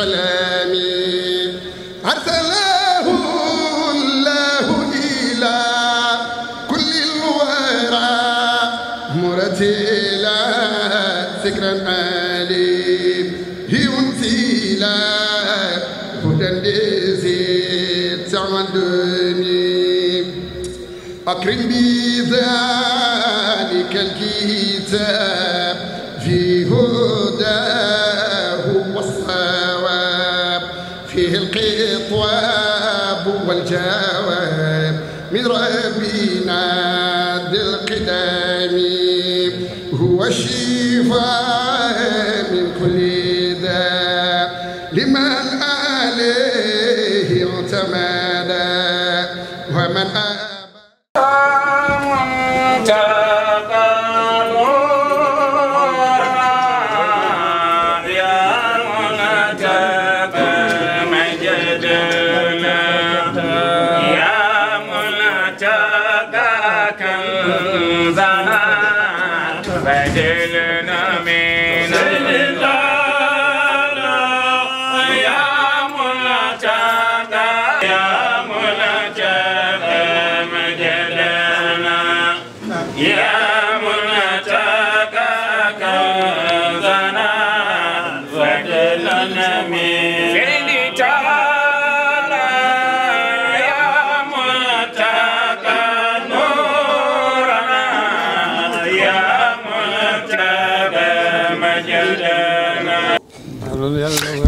بالقلم أرسله الله إلى كل الورى مرتلا ذكرا أليم ينزيلا هدى لزيد تعمدني أكرم بذلك الكتاب والجواب من ربنا ذي القدام هو الشفاء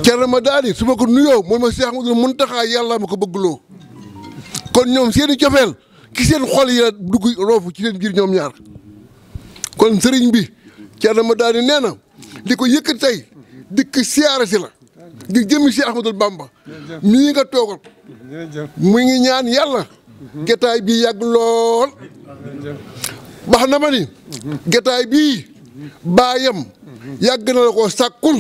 Thierno Madani su ma ko nuyoo mooy ma Cheikh Ahmadou Mountakha yàlla ma ko bëggloo kon ñoom seeni i cofeel ki seen xol yi la dugg roofu ci seen biir ñoom ñaar kon sëriñ bi Thierno Madani nee na li ko yëkk tey dikk siyaare si la ngir jëmi Cheikh Ahmadou Bamba mii nga toogal mu ngi ñaan yàlla getaay bii yàgg lool wax na ma ni getaay bii baayam yàgg na la ko sàkkul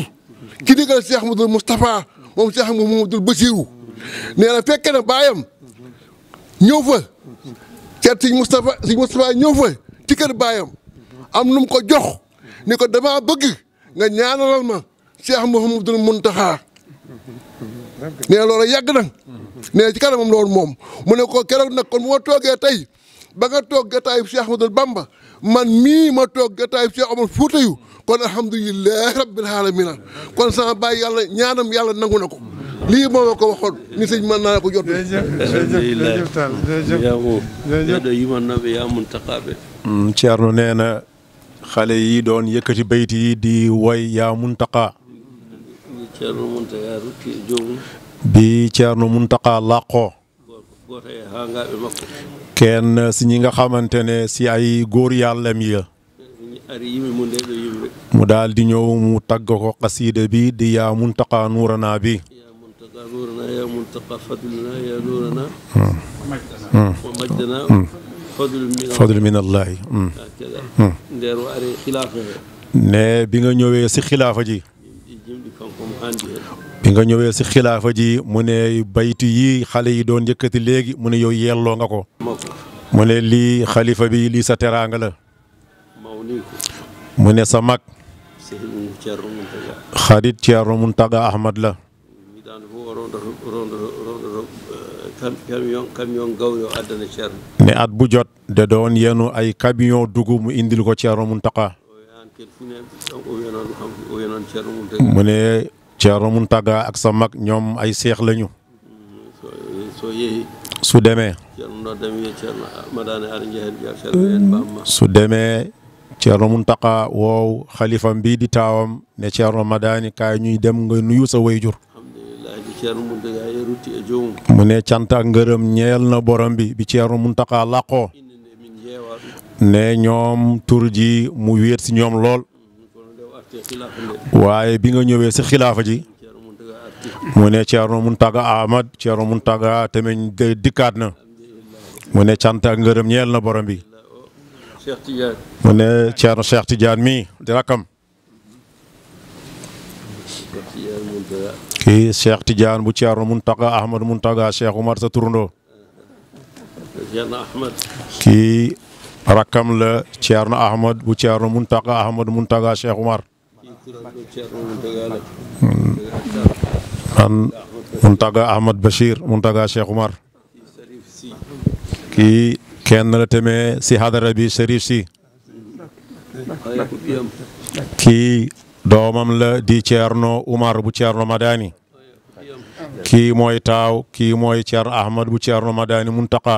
ci ndigal Cheikh Ahmadou Moustapha moom Cheikh Mouhamadou Bassirou nee na fekk na baayam ñëw fa cer sëñ Moustapha sëñ ñëw fa ci kër baayam am nu ko jox ni ko damaa bëgg nga ñaanalal ma Cheikh Mouhamadou Mountakha nee na loolu yàgg na nee na ci kanamam lool moom mu ne ko keroog nag kon bu ma toogee tey ba nga toog jataayu Cheikh Ahmadou Bamba man mii ma toog jataayu Cheikh Omar Fuuta yu kon alhamdulilah rabbil alamina kon sama bàyyi yàlla ñaanam yàlla nangu na ko lii moom la ko waxoon ni sëñ mën naa ko jot. jërëjëf jërëjëf jërëjëf jërëjëf Thierno mm, nee na xale yi doon yëkkati bayt yi di woy yaa Muntaqa. bi Thierno Muntaqa làqoo. kenn si ñi nga xamante ne si ay góor yàllam ya mu daal di ñëw mu tagg ko xasiida bi di yaa muntaqa nuuranaa bi yaa muntaqa ne bi nga ñëwee si xilaafa ji bi nga ñëwee si xilaafa ji mu ne baytu yi xale yi doon yëkkati léegi mu ne yow yelloo nga ko mu ne lii xalifa bi lii sa teraanga la mu ne sa mag xarit Ceerno Muntaga Ahmad la ne at bu jot de doon yenu ay camion dugub mu indil ko Ceerno Muntaga mu ne Ceerno Muntaga ak sa mag ñoom ay seex lañu mm, su demee ah, su demee Ceerno Muntaqa woow xalifam bii di taawam ne Ceerno Madani kaay ñuy dem nga nuyu sa wayjur e mu ne cant ak ngërëm ñeel na borom bi bi Ceerno Muntaqa làqoo ne ñoom tur ji mu wéet si ñoom lool waaye bi nga ñëwee si xilaafa ji mu ne Ceerno Muntaga Ahmad Ceerno Muntaga tamit dikkaat na mu ne cant ak ngërëm ñeel na borom bi Cheikh Tidiane. mu ne Thierno Cheikh Tidiane mii di rakkam. kii Cheikh Tidiane bu Thierno Mountaga Ahmad Mountaga Cheikh Oumar sa turandoo. kii rakkam la Thierno Ahmad bu Thierno Mountaga Ahmad Mountaga Cheikh Oumar. man Mountaga Ahmad Bachir Mountaga Cheikh Oumar. kii. kenn la tamit si hadara bi Cherif Sy kii doomam la di Thierno Umar bu Thierno Madani ki mooy taaw kii mooy Thierno Ahmad bu Thierno Madani Muntaqa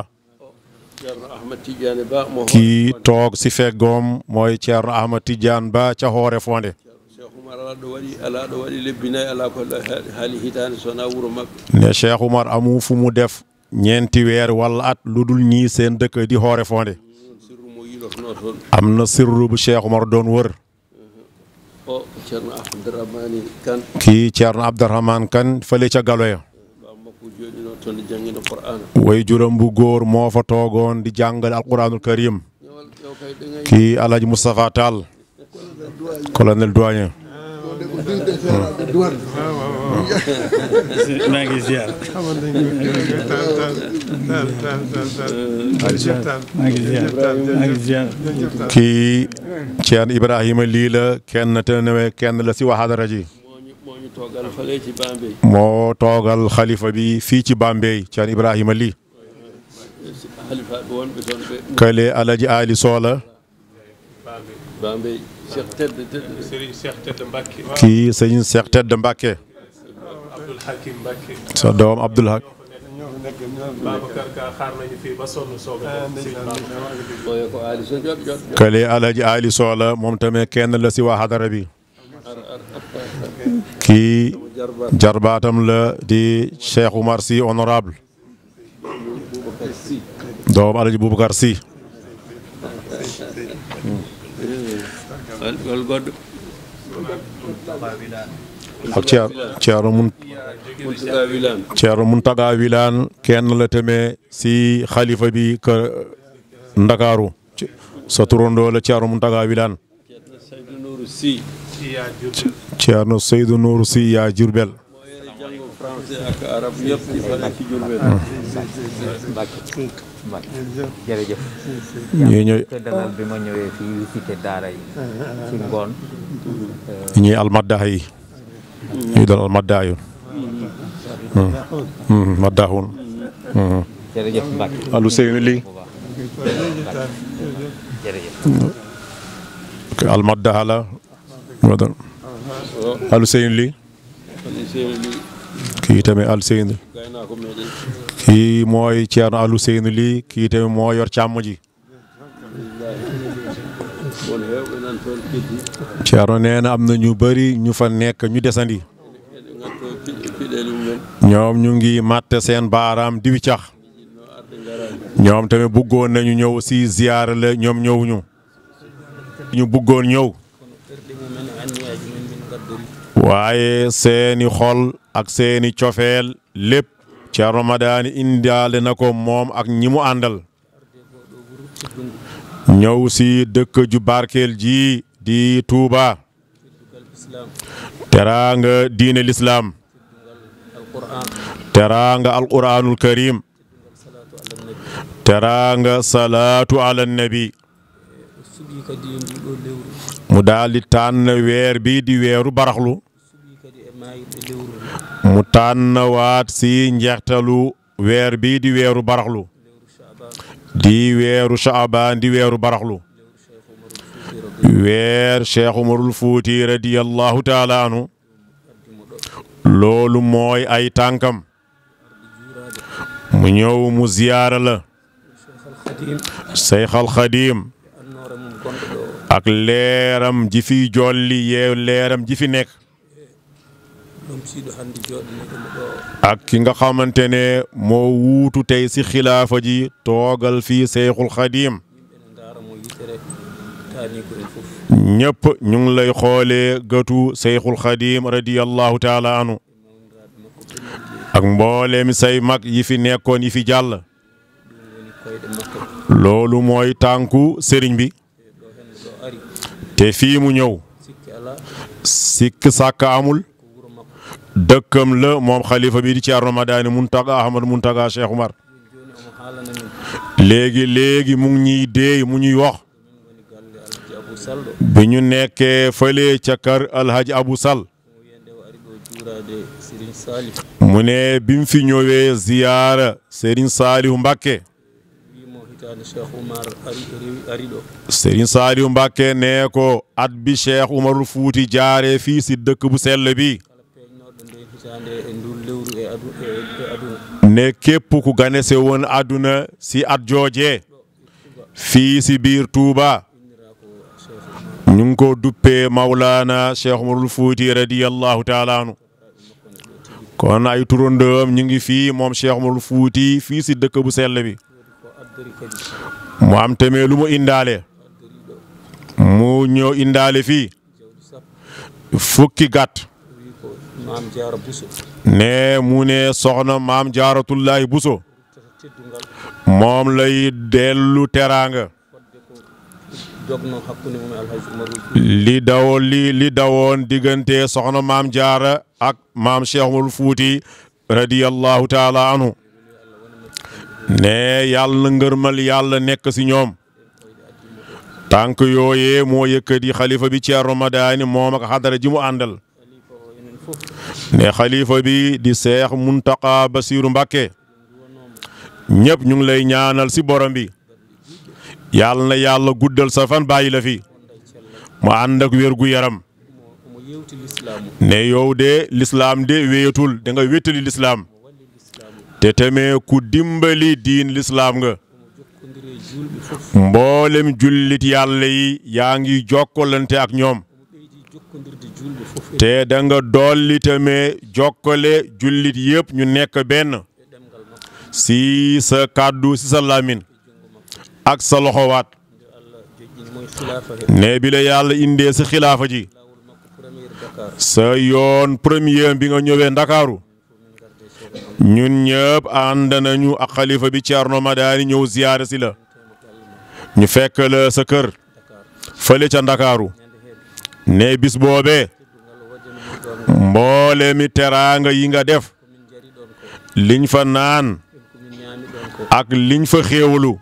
kii toog si feggoom mooy Thierno Ahmad Tidiane Ba ca Hoore Fonde ne Cheikh Umar amu fu mu def ñeenti weer walla at lu dul ñii seen dëkk di xoore fonde am na sirru bu Cheikh Omar doon wër kii Ceerno Abdourahmane Kan fële ca galo ya way juróom bu góor moo fa toogoon di jàngal alquranul karim kii Alhaji Moustapha Tall colonel douanier maa ngi ziar. maa ngi ziar maa ngi ziar. lii la kenn te newee kenn la si waxadara ji. moo toogal xalifa bi fii ci Bambey Thierno Ibrahima lii. kële Alaji Ali Sola. kii sëñ Cheikh Tedd Mbacke. sa doom Abdoul Hakim. kële Alhaji Ali Sow la moom tamit kenn la si waa xadara bi. kii jarbaatam la di Cheikh Oumar Sy honorable doom Alhaji Boubacar Sy. loolu godd ak ceerno mun ceerno Muntaga la tamit si xalifa bi ka ndakaaru sa turandoo la ceerno Muntaga Wilane ceerno Seydou Nourou Sy yaa Jurbel Mbacké jërëjëf ñuy ñëw te dalal bi ma ñëwee fii visité daara yi ah, ah, ah, ci la alu seen lii kii tamit alu seen kii mooy Thierno Alou Seynou lii kii tamit moo yor càmm ji. Thierno nee na am na ñu bari ñu fa nekk ñu desandi. ñoom ñu ngi màtt seen baaraam diwi cax. ñoom tamit bëggoon nañu ñëw si ziyaara la ñoom ñëwuñu. ñu buggoon ñëw. waaye seeni xol ak seeni cofeel lépp. Ceerno Madani indaale na ko moom ak ñi mu àndal ñëw si dëkk ju barkeel ji di Touba teraanga diine lislaam teraanga alquranul karim teraanga salaatu ala nabi mu daal di tànn weer bi di weeru baraxlu mu tànnawaat si njeextalu weer bi di weeru baraxlu di weeru Shaabaan di weeru baraxlu weer Cheikh Umarul Fuuti radiyallahu taala anhu loolu mooy ay tànkam mu ñëw mu ziyaara la Seyxal Xadiim ak leeram ji fi jolli yee leeram ji fi nekk ak ki nga xamante ne moo wuutu tey si xilaafa ji toogal fii Seyxul Xadiim ñépp ñu ngi lay xoolee gëtu Seyxul Xadiim radiyallahu taala anhu ak mbooleem say mag yi fi nekkoon yi fi jàll loolu mooy tànku sëriñ bi te fii mu ñëw sikk sàkk amul dëkkam la moom xalifa bi di Thierno Madani Muntaga Ahmad Muntaga Cheikh Umar léegi léegi mu ngi ñuy deey mu ñuy wax bi ñu nekkee fële ca kër Alhaji Abou Sall mu ne bi mu fi ñëwee ziyaara Serigne Saliou Mbacké Serigne Saliou mbake neeko ko at bi Cheikh Umarul Fuuti jaare fii si dëkk bu sell bi E e e ne képp ku ganese woon àdduna si at jooje fii si biir tuuba ñu ngi ko duppee Maulana Cheikh Umarul Fuuti radiyallahu taala anhu kon ay turandoom ñu ngi fii moom Cheikh Umarul Fuuti fii si dëkk bu sell bi mu am tamit lu indaale mu ñëw indaale fii fukki gàtt maam mu ne soxna maam jaaratullaahi buso moom lay dellu teraanga li daw dawoon diggante soxna maam jaara ak maam Cheikh Fuuti radiyallahu taala anhu ne yàlla na ngërmal nekk si ñoom tànk yooyee moo yëkkati xalifa bi Thierno Madani moom ak xadara ji mu àndal ne xalifa bi di seex Muntaqa Basiiru Mbàkke ñëpp ñu ngi lay ñaanal si borom bi yàlla na yàlla guddal sa fan bàyyi la fi mu ànd ak wér gu yaram ne yow de lislaam de wéetul da nga lislaam te tamee ku dimbali diin lislaam nga mboolem jullit yàlla yi yaa ngi jokkalante ak ñoom te da nga dolli tamit jokkale jullit yëpp ñu nekk benn si sa kàddu si sa làmmiñ ak sa loxowaat ne bi yàlla indee si xilaafa ji sa yoon premier bi nga ñëwee ndakaaru ñun ñëpp ànd nañu ak xalifa bi Thierno Madani ñëw ziyaare si la ñu fekk la sa kër fële ca ndakaaru ne bis boobee mboolemi teraanga yi nga def liñ fa naan ak liñ fa xéewalu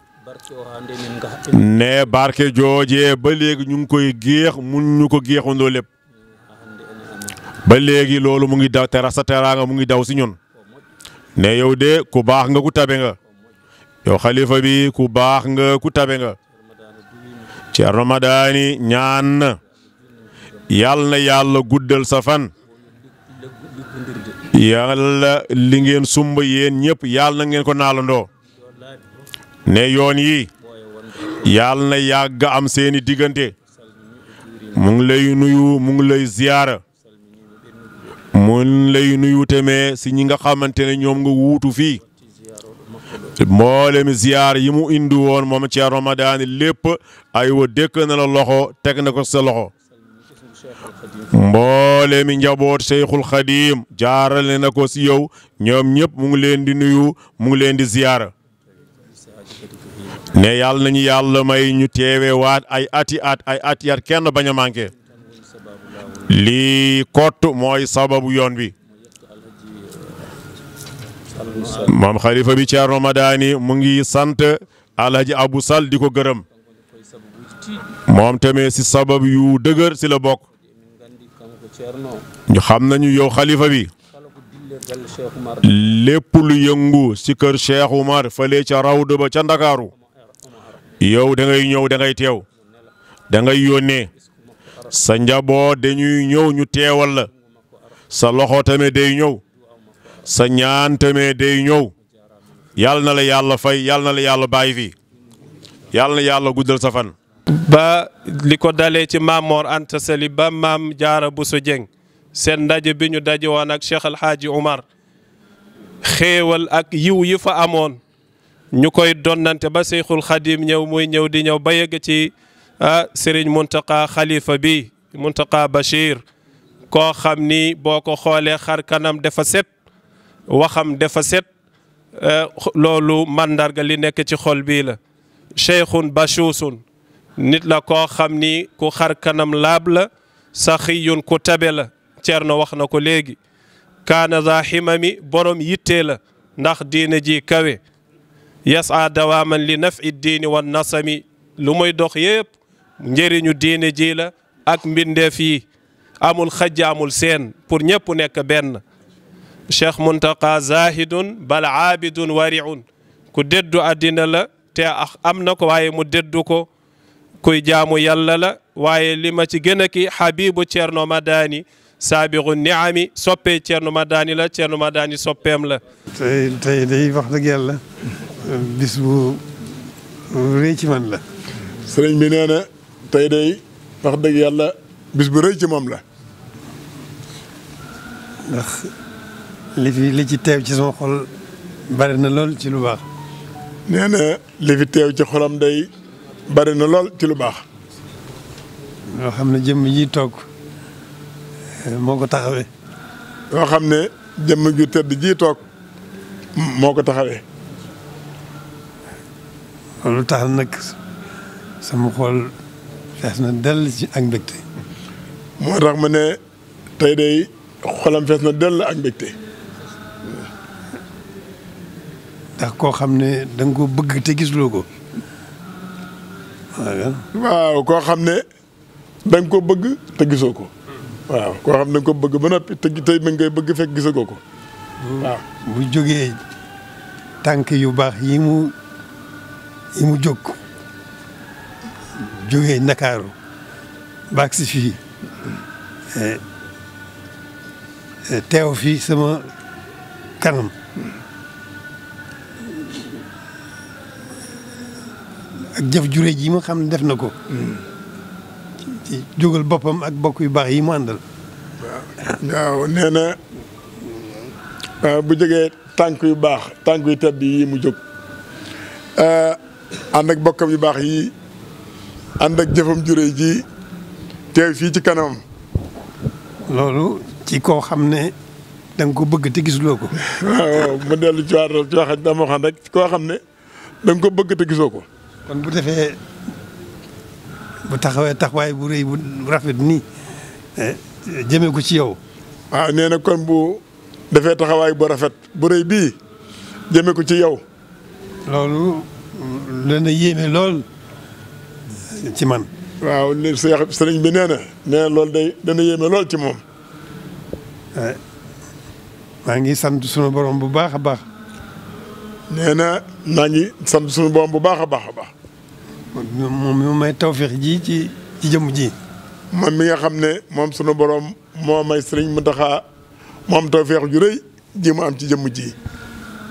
ne barke jooje ba léegi ñu ngi koy géex mu ñu ko géexandoo lépp ba léegi loolu mu ngi daw tera sa teraanga mu ngi daw si ñun ne yow de ku baax nga ku tabe nga yow xalifa bi ku baax nga ku tabe nga Ceerno Madani ñaan yàlla na yàlla guddal sa fan yàlla li ngeen sumba yéen ñëpp yàlla na ngeen ko naalandoo ne yoon yi yàlla na yàgg am seeni diggante mu lay nuyu mu lay ziyaara mu ngi lay nuyu tamit si ñi nga xamante ne ñoom nga wuutu fii mboolem ziyaar yi mu indi woon moom Thierno Madani lépp ay wa dëkk na la loxo teg na ko sa loxo mboole mi njaboot Cheikhul Khadim jaarale na ko si yow ñoom ñëpp mu ngi leen di nuyu mu ngi leen di ziyaara ne yàlla nañu yàlla may ñu teewe waat ay ati at ay ati at kenn bañ a manqué lii kott mooy sababu yoon bi moom xalifa bi Thierno Madani mu ngi sant alhaji Abou Sall di ko gërëm moom tamit si sabab yu dëgër si la bokk ñu xam nañu yow xalifa bi lépp lu yëngu si kër Cheikh Umar fële ca rawdu ba ca Ndakaaru yow dangay ngay ñëw da ngay teew da ngay yónnee sa njaboot dañuy ñëw ñu teewal la sa loxo tamit day ñëw sa ñaan tamit day ñëw yàlla na la yàlla fay yàlla na la yàlla bàyyi fi yàlla na yàlla guddal sa ba li ko dalee ci maam Mor Anta ba maam Jaara Bousso Dieng seen ndaje bi ñu daje woon ak Cheikh El Hadji Omar xéewal ak yiw yi fa amoon ñu koy donnante ba Seyxul Xadim ñëw muy ñëw di ñëw ba yegg ci ah Serigne Khalifa bi Mountakha Bachir koo xam ni boo ko xoolee xar kanam dafa set waxam dafa set eh, loolu mandarga li nekk ci xol bii la Cheikhun Bachuusun nit la koo xam ni ku xar kanam laab la saxiyun ku tabe la na wax na ko léegi kaana za ximami borom yittee la ndax diina ji kawe yasa dawaaman li nafi diini wan nasami lu muy dox yépp njëriñu diina ji la ak mbindeef yi amul xaj amul seen pour ñépp nekk benn cheikh muntaqa zahidun bal aabidun wariun ku déddu àddina la te am na ko waaye mu déddu ko kuy jaamu yàlla la waaye li ma ci gën a kii Habibu Thierno Madani saabiru niami soppee Thierno Madani la Thierno Madani soppeem la. tey tey day wax dëgg yàlla bis bu ci man la. sëriñ bis bu rëy moom la. ndax li fi li ci teew ci sama xol bari lool ci lu baax. nee teew ci xolam day. bari na lool ci lu baax. yoo xam ne jëmm ji toog eh, moo ko taxawee. yoo xam ne jëmm ju tëdd ji toog moo ko taxawee. loolu tax nag sama xol fees na dell ci ak mbégte. moo tax ma ne tey day xolam fees na dell ak mbégte. ndax koo xam ne da nga ko bëgg te gisuloo ko. waaw koo xam ne da koo bëgg te gisoo ko. waaw koo xam ne da nga ko bëgg ba noppi te tey mi bëgg fekk gisagoo ko. waaw bu jógee tànk yu baax yi mu yi mu jóg jógee Ndakaaru baag si fii eh, eh, teew fii sama kanam. jëf jure ji nga xam ne def na ko. Hmm. jógal boppam ak bokk yu baax yi mu àndal. waaw nee na ah, bu jege tànk yu baax tànk yu tedd yi mu jóg ah, ànd ak bokkam yu baax yi ànd ak jëfam jure ji teew fii ci kanamam. loolu ci koo xam ne da nga ko bëgg te gisuloo ko. mu dellu ci waat ci wax dama waxoon rek koo xam ne da nga ko bëgg te ko. kon bu defee bu taxawee taxawaay bu rëy bu rafet nii eh, jëmee ko ci yow. waaw ah, nee na kon bu defee taxawaay bu rafet bu rëy bii jëmee ko ci yow. loolu dana yéeme lool ci man. waaw li Cheikh sëriñ bi nee na nee na loolu day dana yéeme lool ci moom. Eh, maa ngi sant sunu borom bu baax a baax. nee na naa ngi sant suñu borom bu baax a baax a baax. moom mi may tawféex ji ci ci jëmm ji. mi nga xam ne moom sunu borom moo may Sëriñ Muntaxa moom tawféex ju rëy mu am ci jëmm ji.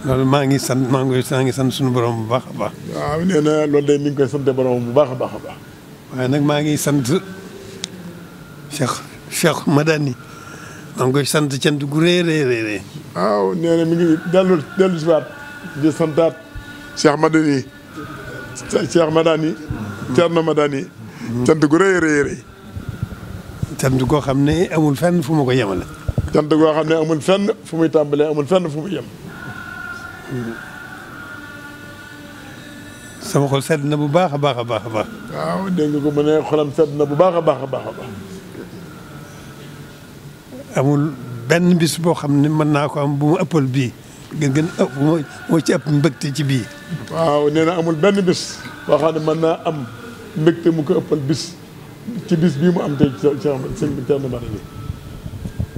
loolu maa ngi sant maa ngi maa ngi sant suñu borom bu baax a baax. waaw nee na loolu day mi ngi koy sant borom bu baax a baax a baax. waaye nag maa ngi sant Cheikh Cheikh Madani maa ngi koy sant cant gu rëy a rëy rëy. waaw nee na ngi dellu dellu si di santaat Cheikh Madani Cheikh Madani Thierno Madani cant gu rëy rëy rëy cant goo xam ne amul fenn fu mu ko yemale cant goo xam ne amul fenn fu muy tàmbalee amul fenn fu muy yem sama xol sedd na bu baax a baax a baax a baax waaw nga ko mu ne xolam sedd na bu baax a baax a baax amul benn bis boo xam ne mën naa ko am bu mu bii gën moo ci ëpp mbégte ci bii waaw nee na amul benn bis boo xam ne mën naa am mbégte mu ko ëppal bis ci bis bii mu am tey ci sëñ bi Thierno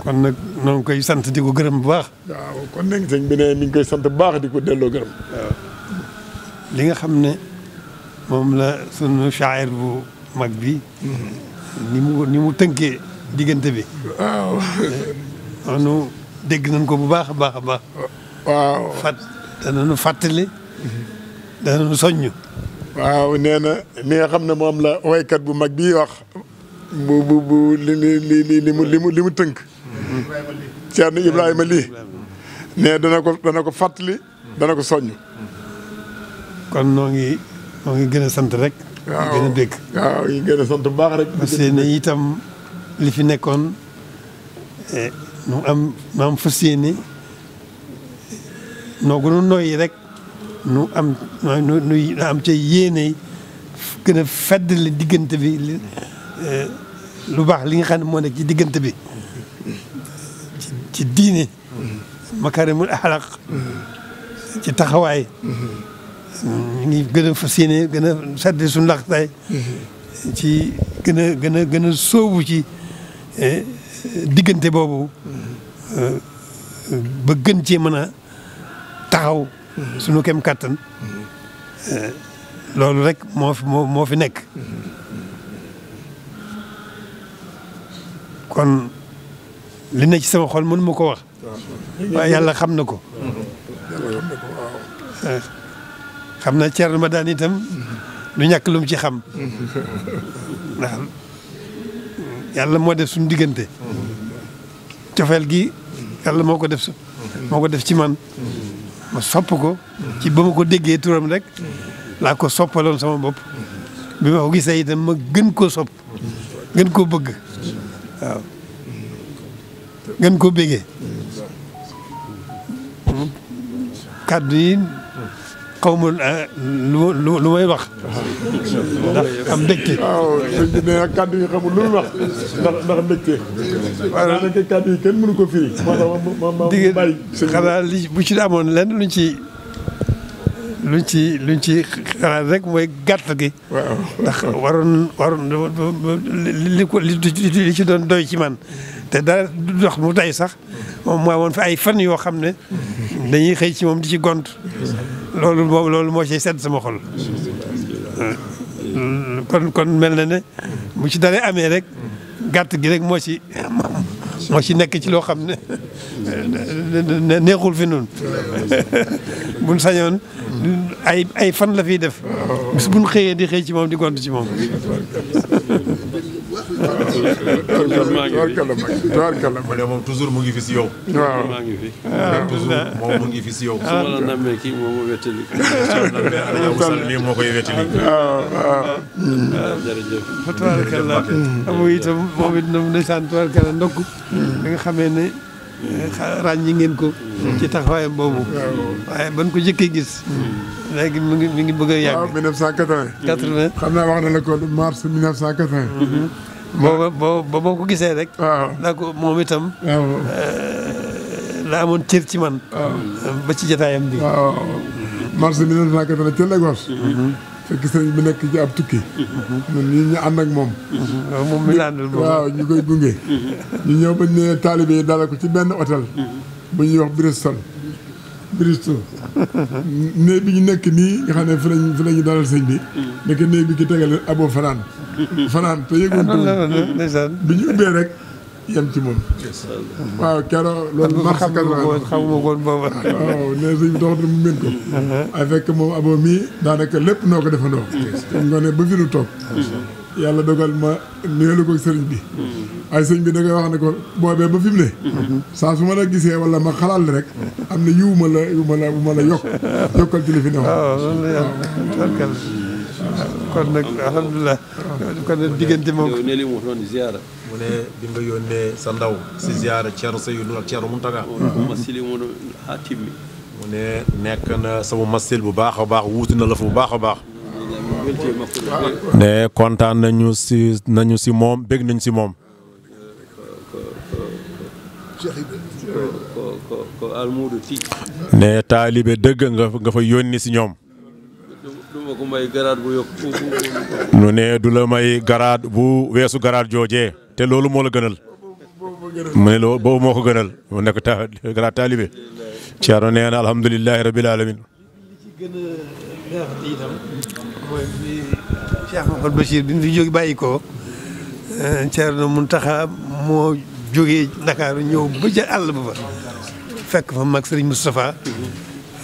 kon na ñoo ngi koy sant di ko gërëm bu baax waaw kon nag sëñ bi ne koy sant bu baax di ko delloo gërëm li nga xam ne moom la sunu shaayir bu mag bi nimu mu ni mu tënkee diggante bi waaw noonu dégg nañ ko bu baax a baax a baax waaw fat danañu fàttali. danañu soññ. waaw nee na li nga xam ne moom la waykat bu mag bii wax bu bu bu li li li mu li mu li mu tënk. Ceerno Ibrahima lii. nee dana ko dana ko fàttali. dana ko soññ. kon noo ngi noo ngi gën sant rek. waaw gën a sant bu baax rek. parce que ne li fi nekkoon mu eh, am mu am fas yéene noo gënu nooy rek nu am nu am ca yéene gën a li diggante bi eh, lu baax li nga xam ne moo nekk ci diggante bi ci diine makarimul axlaq ci taxawaay ngi gën a fas yéene gën a sedd suñu laxtaay ci gën a gën a gën ci eh, diggante boobu eh, ba gën cee mën a taxaw sunu kem kattan loolu rek moo fi moo fi nekk kon li nekk ci sama xol mënu ma ko wax waaye yàlla xam na ko xam na ceer Thierno Madani itam du ñàkk lu mu ci xam yàlla moo def suñu diggante cofeel gi yàlla moo ko def su moo ko def ci man ma sopp ko ci ba ma ko déggee turam rek laa ko soppaloon sama bopp bi ma ko gisee itam ma gën koo sopp gën koo bëgg waaw gën koo bégee hmm. kàddu xaw ma euh, lu lu lu may wax. ndax am ndëgte. waaw kenn mënu ko firi. moo tax ma bu ci amoon lenn luñ ci luñ ci luñ ci rek mooy gàtt gi. waaw waroon li ci doon doy ci man. te dara dox mu tey sax moom moo woon fi ay fan yoo xam ne dañuy xëy ci moom di ci gont. loolu boobu loolu moo ciy sedd sama xol kon mel na ne bu ci dalee amee rek gàtt gi rek moo ci moo ci nekk ci loo xam ne neexul fi noonu buñ sañoon ay ay fan la fiy def bis buñ xëyee di xëy ci moom di gont ci moom tubaarkalla mu moom toujours mu ngi fi si yow. waaw maa ngi fi. toujours moom mu ngi fi si yow. su ma la namee moom moo wettali. lii moo koy wettali. waaw waaw. jërëjëf. Hmm. xamee ne. ràññi ngeen ko. Hmm. ci taxawaayam boobu. Hmm. waaye ban ko jëkkee gis. léegi mu ngi mu ngi bëgg a yàgg. waaw 1980. 80 xam naa wax na la ko mars 1980. booba ba boo ko gisee rek. waaw ko moom itam. la eh, amoon cër ci man. ba ci jotaayam bi. waaw marché bi nag naka dana ca Lagos. fekk sëriñ nekk ci ab tukki. ñun ñu ànd ak moom. moom mi la àndal moom waaw ñu koy gunge. ñu ñëw ba ñu ne taalibe yi dalal ko ci benn hôtel. mu ñuy wax Bristol. néeg bi ñu nekk nii nga xam ne fi lañ dalal sëñ bi mm-hmm. nekk néeg bi ki tegale abo fanaan mm-hmm. fanaan te yëgoon bi ñu ubbee rek yem ci moom waaw keroog loolu mars xamuma koon booba waaw ne sëñ bi doxat mu mën ko uh-huh. ay fekk moom abo mii daanaka lépp noo ko defandoo nga ne ba fi nu toog yàlla dogal ma nuyelu ko sëriñ bi mm-hmm. ay sëñ bi da wax ne ko boobee ba fi mu ne mm-hmm. saa su ma la gisee wala ma xalaat la rek am na yiw ma la ma bu ma la yokk yokkal ci li fi ne oh, waaw kon nag alhamdulilah kon nag diggante moom ne li mu wax noonu ziara mu ne bi nga yónnee sa ndaw si ziara Ceerno Seydou ak Ceerno Muntaga masili mu hatim mi mu ne nekk na sama masil bu baax a baax wuuti na la fa bu baax a baax ne kontaan nañu si nañu si moom bég nañ si moom. ne taalibe dëgg nga fa yónni si ñoom. nu ne du la may garaad bu weesu garaad joojee te loolu moo la gënal. mu ne loolu boobu moo ko gënal mu nekk ta garaat taalibe. Thierno nee na alhamdulilahi mooy bi Cheikh Mouhamed Bachir bi mu fi jóge bàyyi ko eh, Thierno Mountakha moo jógee Ndakaaru ñëw ba ca àll ba fa fekk fa mag Serigne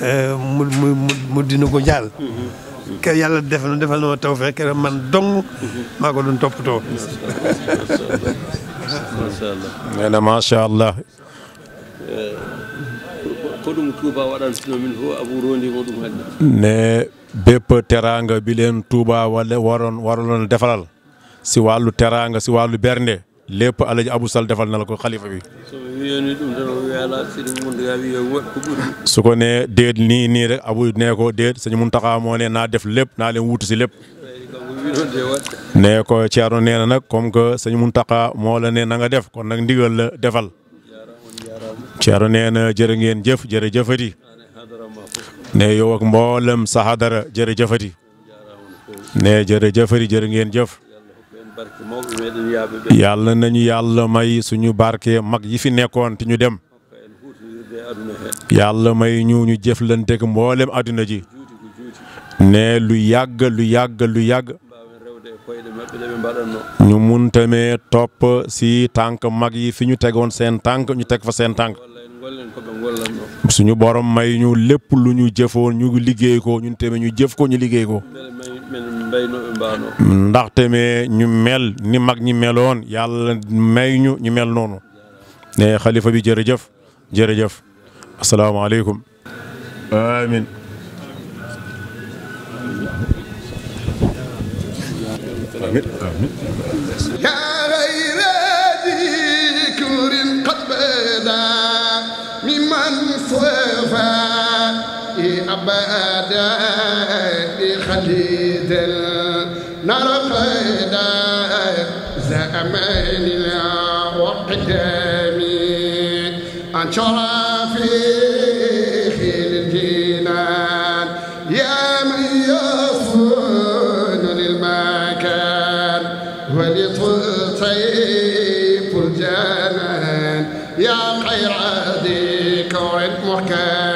eh, mu mu mu dina ko jàll yàlla def na defal na ma taw fekk man dong maa ko doon toppatoo nee allah ko ne bépp teraanga bi leen touba walla waron waraloon defalal si wàllu teraanga si wàllu bernde lépp alaji abou sall defal na la ko xalifa bi su ko ne déet nii nii rek abou nee ko déet sañu mun taxaa moo ne naa def lépp naa leen wuutu si lépp ne ko Thierno nee na nag comme que sañu mun taxaa moo la ne na def kon nag ndigal la defal Ceerno nee na jërë ngeen jëf jër jërëjëfati ne yow ak mboolem sa hadara jërëjëfati ne jërëjëfati jërë ngeen jëf yàlla nañu yàlla may suñu barke mag yi fi nekkoon te ñu dem yàlla may ñu ñu jëflanteeg mboolem adduna ji ne lu yàgg lu yàgg lu yàgg ñu mun tamit topp si tànk mag yi fi ñu tegoon seen tànk ñu teg fa seen tànk suñu borom may ñu lépp lu ñu jëfoon ñu liggéey ko ñun tamit ñu jëf ko ñu liggéey ko. ndax tamit ñu mel ni mag ñi meloon yàlla may ñu ñu mel noonu. ne xalifa bi jërëjëf jërëjëf. asalaamaaleykum. amiin. amiin amiin. من صفاء أبدا بخليد نرقد زمان وقدامي أنشر في الكافرين